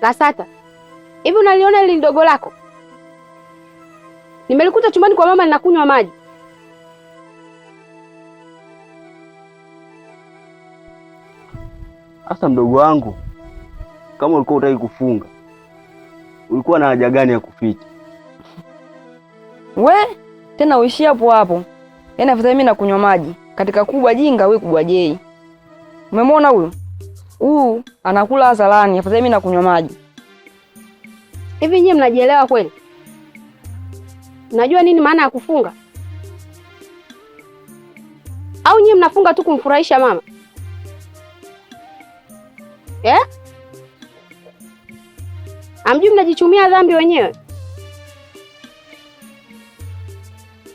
Kasata, hivi unaliona hili ndogo lako? Nimelikuta chumbani kwa mama linakunywa maji. Asa mdogo wangu, kama ulikuwa utaki kufunga, ulikuwa na haja gani ya kuficha? We tena uishi hapo hapo, yaani afadhali mimi nakunywa maji katika kubwa jinga, we kubwa jei. Umemwona huyu? huu anakula hadharani, afadhali mimi nakunywa maji. Hivi nyie mnajielewa kweli? Najua nini maana ya kufunga au nyie mnafunga tu kumfurahisha mama eh? Amjui mnajichumia dhambi wenyewe.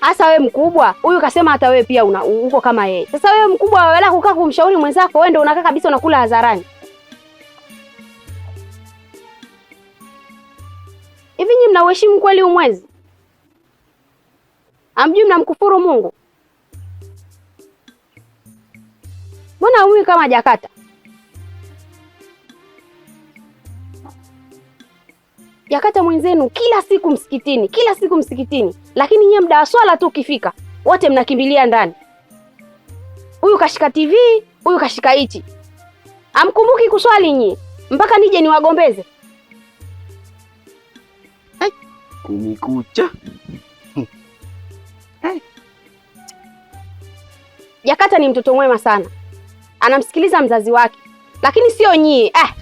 hasa wewe mkubwa huyu kasema hata wewe pia uko kama yeye. Sasa wewe mkubwa, wala kukaa kumshauri mwenzako, wewe ndio unakaa kabisa unakula hadharani. Hivi nyinyi mnauheshimu kweli umwezi? Amjui mnamkufuru Mungu? Mbona huyu kama jakata? yakata mwenzenu kila siku msikitini, kila siku msikitini, lakini nyie mda wa swala tu ukifika wote mnakimbilia ndani. Huyu kashika TV, huyu kashika hichi, amkumbuki kuswali nyie, mpaka nije niwagombeze kumikucha Jakata ni mtoto mwema sana, anamsikiliza mzazi wake, lakini sio nyie eh.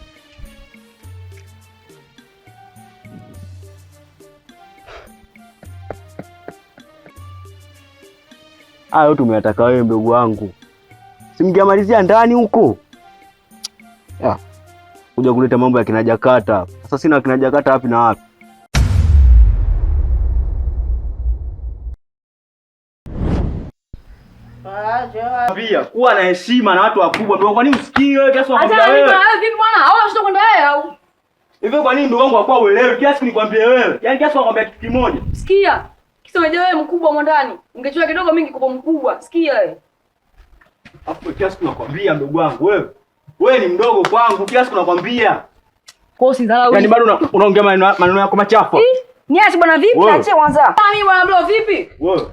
Hayo tumeyataka wewe, mdogo wangu, simgiamalizia ndani huko kuja kuleta mambo ya kinajakata. Sasa sina kinajakata wapi na wapi. Pia kuwa na heshima na watu wakubwa, Kwa nini usikii wewe kiasi wa kwenda wewe. Vipi mwana? Hao wasito kwenda wewe au? Hivyo kwa nini ndugu wangu akua uelewe kiasi nikwambie wewe? Yaani kiasi nakwambia kitu kimoja. Sikia. Kisa wewe wewe mkubwa mwa ndani. Ungechua kidogo mingi kupo mkubwa. Sikia wewe. Hapo kiasi tunakwambia ndugu wangu wewe. Wewe ni mdogo kwangu kiasi tunakwambia. Kwa hiyo sidharau. Yaani bado unaongea maneno yako machafu. Niasi bwana vipi? Achie kwanza. Mimi bwana bro vipi? Wewe.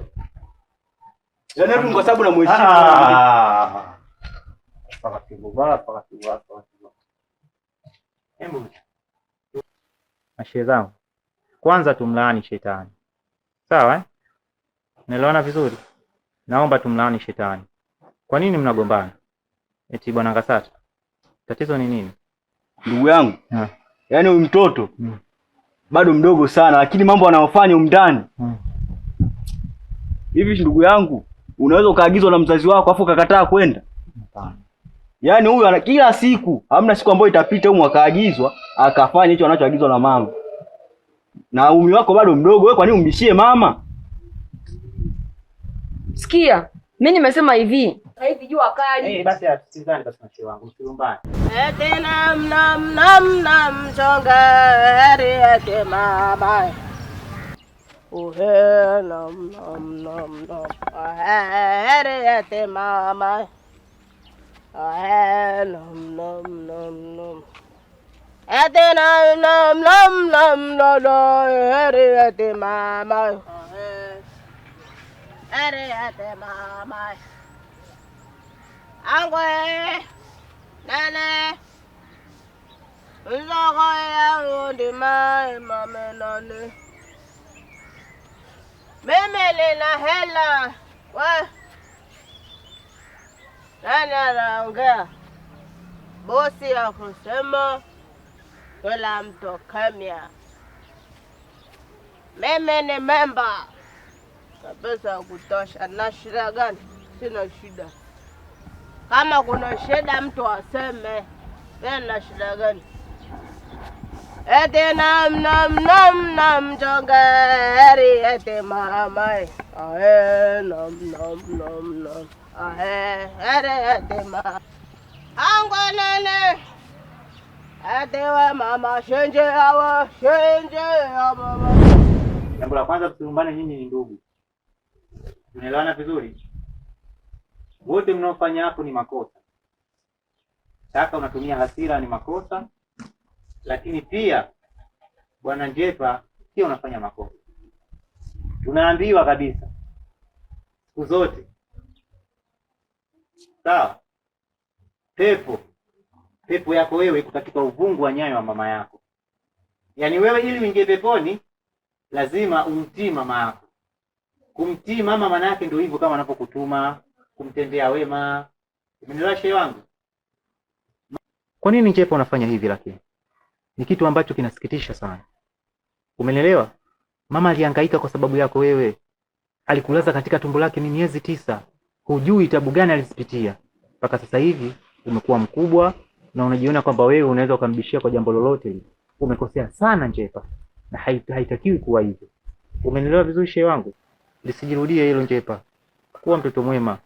Yaani tu kwa sababu namheshimu. Ah. Paka kimbo bala paka kimbo hapa. Hebu. Mashe zangu. Kwanza tumlaani shetani. Sawa, eh? nelewana vizuri. Naomba tumlaani shetani. Kwa nini mnagombana? Eti bwana Ngasata, tatizo ni nini? Ndugu yangu, yaani huyu mtoto hmm, bado mdogo sana, lakini mambo anayofanya huko hmm. hivi hmm. Ndugu yangu, unaweza ukaagizwa na mzazi wako afu ukakataa kwenda? Hapana. Yaani huyu kila siku, hamna siku ambayo itapita huyu akaagizwa akafanya hicho anachoagizwa na mama na umri wako bado mdogo. Wewe kwa nini umbishie mama? Sikia, mimi nimesema hivi eh, eh, tena mnam nam nam yake mama. nam nam nam nam. yake mama. nam nam nam nam. Etena nam nam nam no no eri eti mama eri eti mama Angwe nene Nzogo yangu ndi mai mame nani Mimi lina hela we Nani anaongea bosi ya kusema kolam to kamia. Meme ne memba. Kabeza kutosha na shida gani? Sina shida. Kama kuna shida mtu aseme. Mene na shida gani? Ete nam nam nam nam jonga eri ete maramai. Ahe nam nam nam nam. Ahe ere ete maramai. Angwa nene. Ahe ere ete maramai. Atewe mama shenje shenje Jambo la kwanza tusilumbane, nyinyi ni ndugu, tunaelewana vizuri. Wote mnaofanya hapo ni makosa. Sasa unatumia hasira ni makosa, lakini pia bwana Njepa pia unafanya makosa. Tunaambiwa kabisa siku zote, sawa, pepo pepo yako wewe iko katika uvungu wa nyayo wa mama yako. Yaani wewe ili uingie peponi lazima umtii mama yako. Kumtii mama maana yake ndio hivyo, kama anapokutuma kumtendea wema. Umenielewa shehe wangu? Kwa nini Njepa unafanya hivi? Lakini ni kitu ambacho kinasikitisha sana. Umenielewa? Mama alihangaika kwa sababu yako wewe, alikulaza katika tumbo lake ni miezi tisa, hujui tabu gani alizipitia mpaka sasa hivi umekuwa mkubwa na unajiona kwamba wewe unaweza ukambishia kwa jambo lolote hili, umekosea sana Njepa, na haitakiwi kuwa hivyo. Umenielewa vizuri shehe wangu? Lisijirudie hilo Njepa, kuwa mtoto mwema.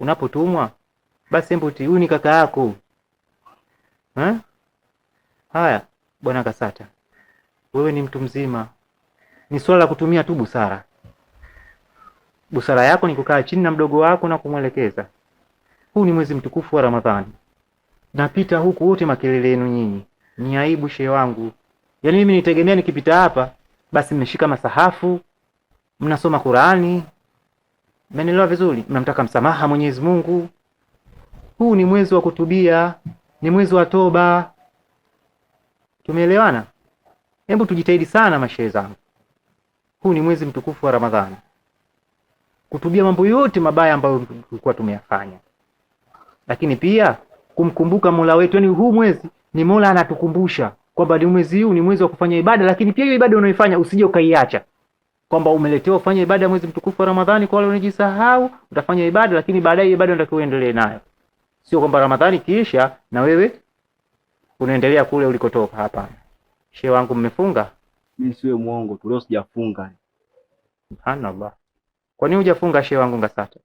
Unapotumwa basi mbuti, huyu ni kaka yako ha? Haya bwana Kasata, wewe ni mtu mzima, ni swala la kutumia tu busara. Busara yako ni kukaa chini na mdogo wako na kumwelekeza. Huu ni mwezi mtukufu wa Ramadhani napita huku wote makelele yenu nyinyi, ni aibu shehe wangu. Yaani mimi nitegemea nikipita hapa basi mmeshika masahafu mnasoma Qurani, mmenielewa vizuri, mnamtaka msamaha Mwenyezi Mungu. Huu ni mwezi wa kutubia, ni mwezi wa toba. Tumeelewana? Hebu tujitahidi sana mashehe zangu, huu ni mwezi mtukufu wa Ramadhani kutubia mambo yote mabaya ambayo tulikuwa tumeyafanya, lakini pia kumkumbuka Mola wetu. Yaani huu mwezi ni Mola anatukumbusha kwamba ni mwezi huu ni mwezi wa kufanya ibada, lakini pia hiyo ibada unaoifanya usije ukaiacha, kwamba umeletewa kufanya ibada mwezi mtukufu wa Ramadhani. Kwa wale wanajisahau, utafanya ibada, lakini baadaye ibada unatakiwa uendelee nayo, sio kwamba Ramadhani kiisha na wewe unaendelea kule ulikotoka. Hapana, shehe wangu, mmefunga? Mimi siwe muongo tu, leo sijafunga. Subhanallah, kwa nini hujafunga shehe wangu Ngasata?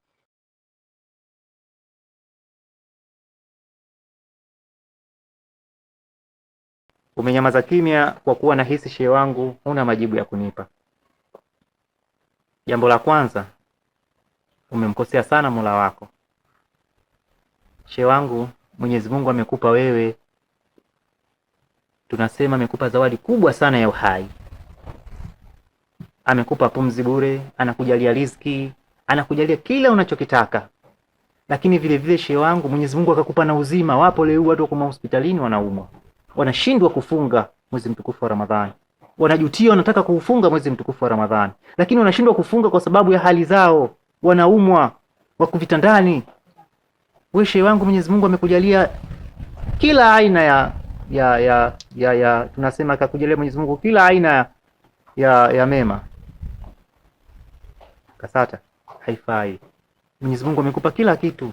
Umenyamaza kimya kwa kuwa nahisi shehe wangu huna majibu ya kunipa. Jambo la kwanza, umemkosea sana Mola wako. Shehe wangu, Mwenyezi Mungu amekupa wewe, tunasema amekupa zawadi kubwa sana ya uhai. Amekupa pumzi bure, anakujalia riziki, anakujalia kila unachokitaka lakini vile vile shehe wangu, Mwenyezi Mungu akakupa na uzima. Wapo leo watu wako mahospitalini wanaumwa wanashindwa kufunga mwezi mtukufu wa Ramadhani, wanajutia, wanataka kuufunga mwezi mtukufu wa Ramadhani, lakini wanashindwa kufunga kwa sababu ya hali zao, wanaumwa, wako vitandani. Wewe shehe wangu, Mwenyezi Mungu amekujalia kila aina ya ya ya ya, ya tunasema akakujalia Mwenyezi Mungu kila aina ya ya mema kasata haifai. Mwenyezi Mungu amekupa kila kitu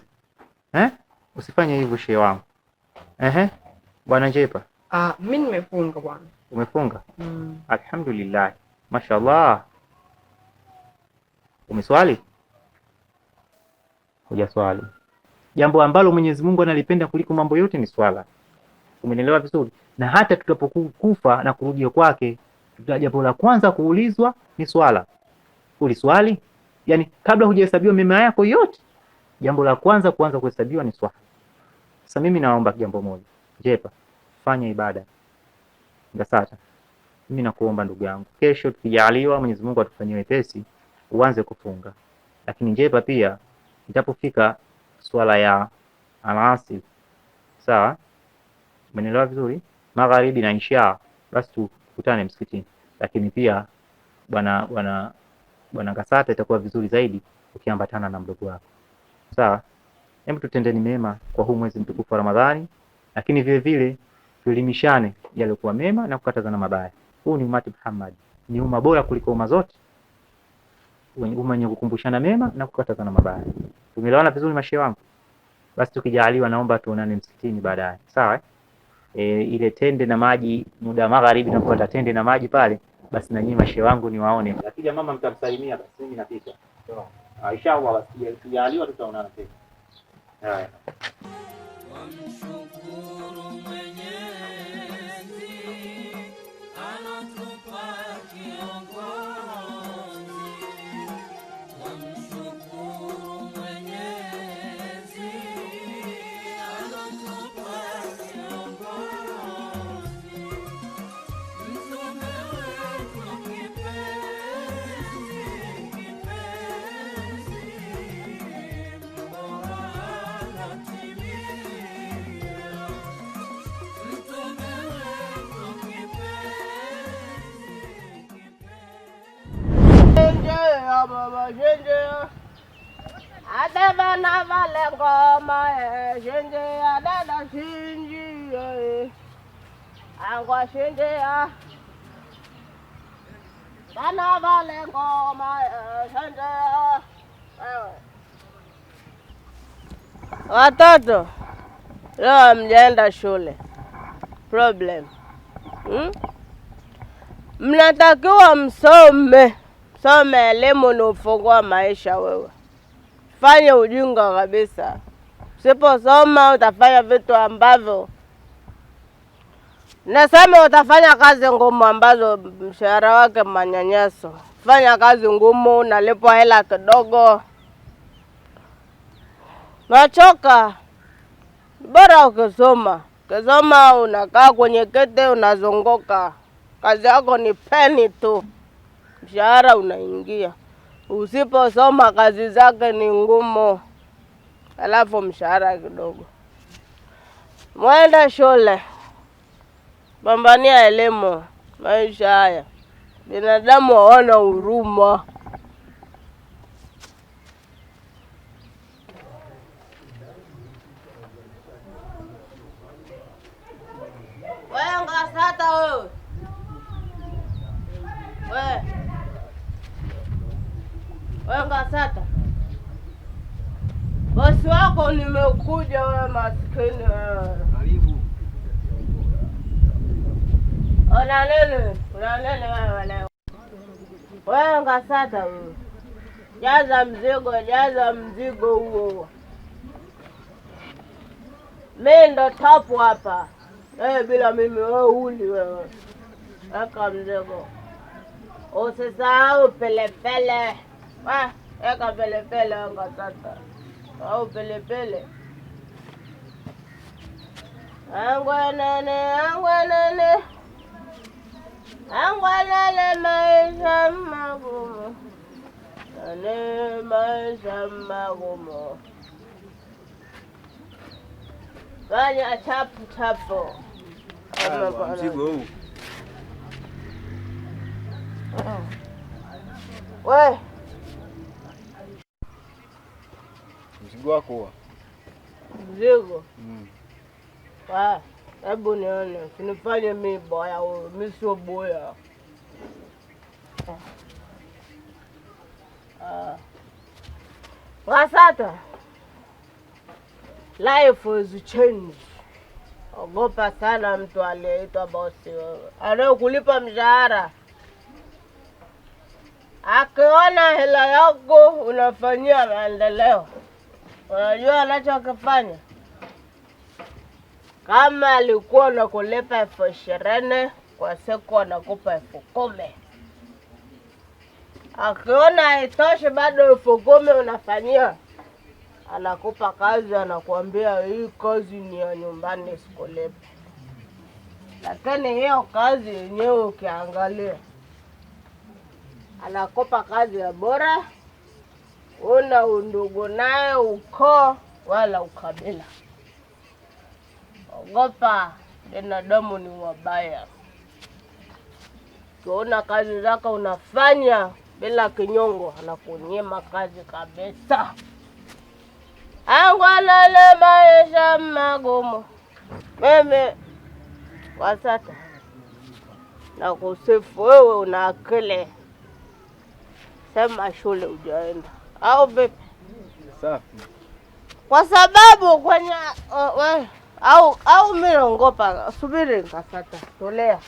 eh? Usifanye hivyo shehe wangu, ehe, bwana Njepa. Ah, mimi nimefunga bwana. Umefunga? Mm. Alhamdulillah. Mashallah. Umeswali? Hujaswali. Jambo ambalo Mwenyezi Mungu analipenda kuliko mambo yote ni swala. Umenielewa vizuri? Na hata tutakapokufa na kurudi kwake, jambo la kwanza kuulizwa ni swala. Uliswali? Yaani kabla hujahesabiwa mema yako yote, jambo la kwanza kuanza kuhesabiwa ni swala. Sasa mimi naomba jambo moja. Jepa fanya ibada. Sasa mimi nakuomba ndugu yangu, kesho tukijaliwa, Mwenyezi Mungu atufanyie wepesi, uanze kufunga, lakini njepa pia itapofika swala ya alasi, sawa, umeelewa vizuri, magharibi na isha, basi tukutane msikitini. Lakini pia bwana bwana bwana Kasata, itakuwa vizuri zaidi ukiambatana na mdogo wako, sawa. Hebu tutendeni mema kwa huu mwezi mtukufu wa Ramadhani, lakini vile vile tuelimishane yaliokuwa mema na kukataza na mabaya. Huu ni umati Muhammad, ni umma bora kuliko umma zote, umma wenye kukumbushana mema na kukataza na mabaya. Tumelewana vizuri, mashehe wangu? Basi tukijaliwa, naomba tuonane msikitini baadaye, sawa? Eh? E, ile tende na maji muda magharibi, nakupata tende na maji pale. Basi na nyinyi mashehe wangu niwaone, lakini mama mtamsalimia. Basi mimi napita, Aisha, ah, basi tukijaliwa tutaonana tena. Haya. mama eh, dada shinji eh. angwa bana vale ngoma eh, Watoto leo hamjaenda shule, problem hmm? Mnatakiwa msome, msome elimu ni ufungua maisha. Wewe fanye ujinga kabisa Usiposoma utafanya vitu ambavyo nasema, utafanya kazi ngumu ambazo mshahara wake manyanyaso. Fanya kazi ngumu, unalipwa hela kidogo, nachoka. Bora ukisoma. Ukisoma unakaa kwenye kete, unazunguka, kazi yako ni peni tu, mshahara unaingia. Usiposoma kazi zake ni ngumu alafu mshahara kidogo. Mwenda shule, pambania elimu. Maisha haya binadamu waona huruma. Kuja wewe maskini wewe. Karibu. Ona nini? Ona nini wewe leo? Wewe ngasata wewe. Jaza mzigo, jaza mzigo huo. Mimi ndo tapu hapa. Wewe bila mimi wewe uli wewe. Weka mzigo. Usisahau pelepele. Weka pelepele wewe ngasata. Au pelepele. Angwanale, angwanale, angwanale maisha magumu, ane maisha magumu, fanya chapu chapu mzigo huu ah. we mzigo wako mzigo mm. Hebu nione, sinifanye mi boya huyu, mi sio boya. Wasata, life is change. Ogopa sana mtu aliyeitwa bosi wewe, anayekulipa mshahara akiona hela yako unafanyia maendeleo, unajua anachokifanya kama alikuwa kulipa elfu ishirini kwa siku, anakupa elfu kumi Akiona haitoshi bado elfu kumi unafanyia, anakupa kazi, anakuambia hii kazi ni ya nyumbani, sikulipa. Lakini hiyo kazi yenyewe ukiangalia, anakupa kazi ya bora, una undugu naye, ukoo wala ukabila. Ogopa, binadamu ni wabaya. Ukiona kazi zako unafanya bila kinyongo, anakunyima kazi kabisa. Angwanale maisha magumu. Mimi kwa sasa nakusifu wewe, una akili. Sema shule ujaenda au vipi? Safi, kwa sababu kwenye uh, uh, au au mimi naogopa. Subiri nikapata tolea.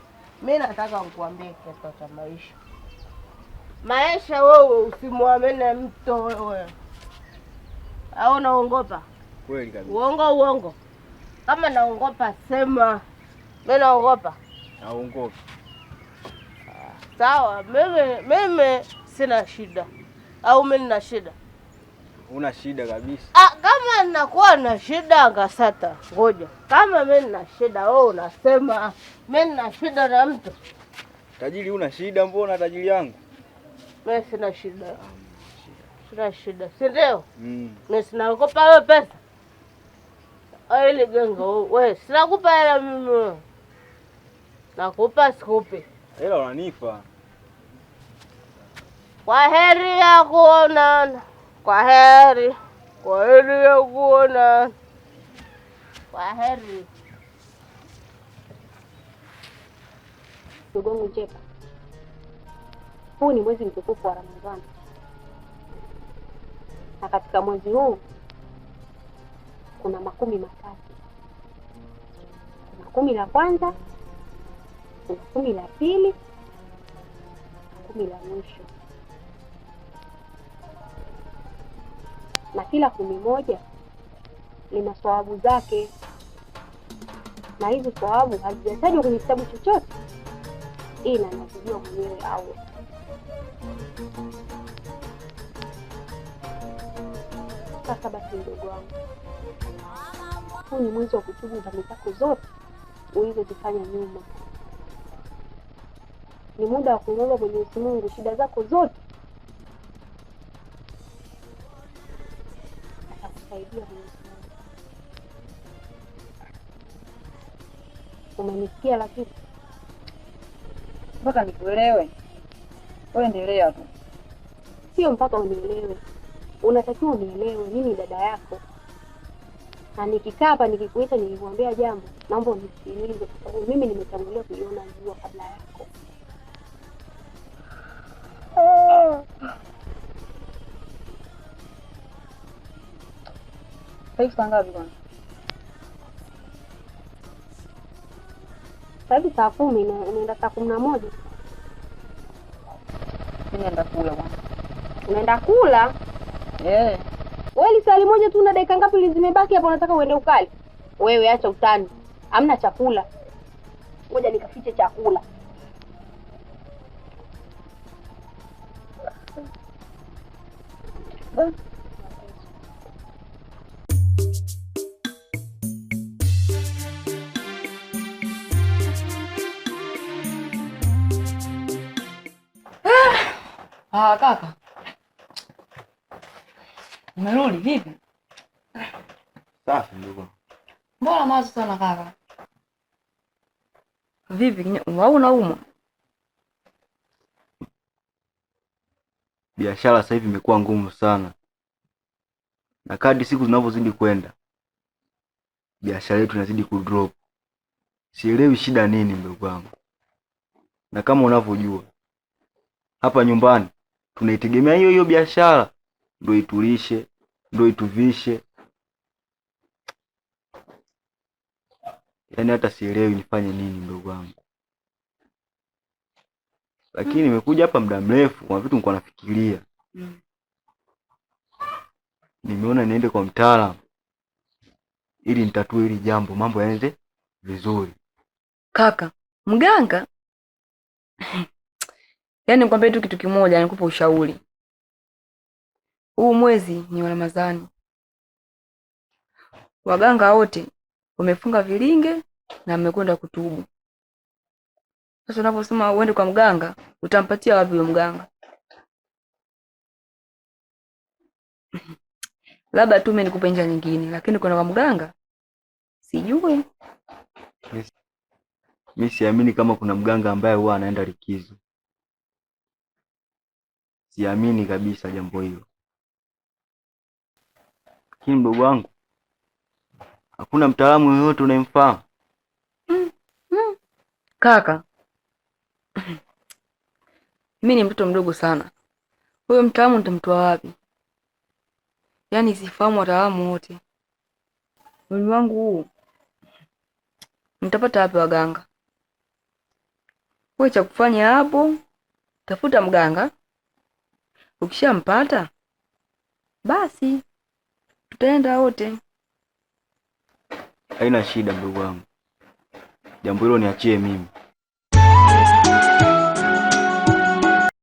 Mimi nataka nikuambie kitu cha maisha. Maisha wewe usimwamene mtu wewe, au naongopa kweli kabisa? Uongo uongo. Kama naongopa sema, mimi naogopa. Naongopa sawa. Mimi mimi sina shida, au mimi nina shida? Una shida kabisa. Ah, kama ninakuwa na shida ngasata, ngoja kama mimi nina shida wewe unasema mimi nina shida na mtu tajiri. Una shida mbona tajiri yangu? Mimi sina shida, sina shida, si ndio? Mm. Mimi sinakupa wewe pesa ah, ili gengo wewe, sinakupa hela mimi, nakupa sikupi hela, unanipa kwa heri ya kuonana kwa heri, kwa heri ya kuona, kwa heri ndugu Jepa, Huu ni mwezi mtukufu wa Ramadhani, na katika mwezi huu kuna makumi matatu. Kuna kumi la kwanza, kuna kumi la pili na kumi la mwisho. kila kumi moja lina thawabu zake, na hizi thawabu hazijatajwa kwenye kitabu chochote, ila nazijua mwenyewe awe Sasa basi, mdogo wangu, huu ni mwezi wa kutubu dhambi zako zote ulizozifanya nyuma. Ni muda wa kumwomba Mwenyezi Mungu shida zako zote kunisaidia Mwenyezi Umenisikia lakini mpaka nikuelewe? Wewe endelea tu. Sio mpaka unielewe, unatakiwa unielewe. Mimi dada yako, na nikikaa hapa nikikuita, nikikuambia jambo, naomba unisikilize, kwa sababu mimi nimetangulia kuiona jua kabla yako. Sahivi saa ngapi bwana? Sahivi saa kumi, unaenda saa kumi na moja. Naenda kula bwana. Unaenda kula? Eh. Wewe lisali moja tu na dakika ngapi zimebaki hapo, unataka uende ukali? Wewe acha utani, hamna chakula. Ngoja nikafiche chakula. Ah, kaka umerudi vipi? Safi ndugu. Mbona mawazo sana kaka? Vipi wau, unaumwa? Biashara sasa hivi imekuwa ngumu sana, na kadri siku zinavyozidi kwenda biashara yetu inazidi kudrop. Sielewi shida nini, ndugu wangu, na kama unavyojua hapa nyumbani tunaitegemea hiyo hiyo biashara ndo itulishe, ndo ituvishe. Yaani hata sielewi nifanye nini, ndugu wangu, lakini nimekuja hapa muda mrefu, kuna vitu nilikuwa nafikiria mm. Nimeona niende kwa mtaalamu ili nitatue hili jambo, mambo yaende vizuri. Kaka mganga Yaani nikwambie tu kitu kimoja, nikupe ushauri. Huu mwezi ni wa Ramadhani, waganga wote wamefunga vilinge na wamekwenda kutubu. Sasa unaposema uende kwa mganga, utampatia wapi huyo mganga? Labda tu mimi nikupe njia nyingine, lakini kwenda kwa mganga sijui. Mimi siamini kama kuna mganga ambaye huwa anaenda likizo siamini kabisa jambo hilo. Lakini mdogo wangu, hakuna mtaalamu yoyote unayemfahamu? mm, mm. Kaka mi ni mtoto mdogo sana, huyo mtaalamu nitamtoa wapi? Yaani sifahamu wataalamu wote, mwili wangu huu nitapata wapi waganga? We cha kufanya hapo, tafuta mganga Ukishampata basi tutaenda wote, haina shida. Ndugu wangu, jambo hilo niachie mimi.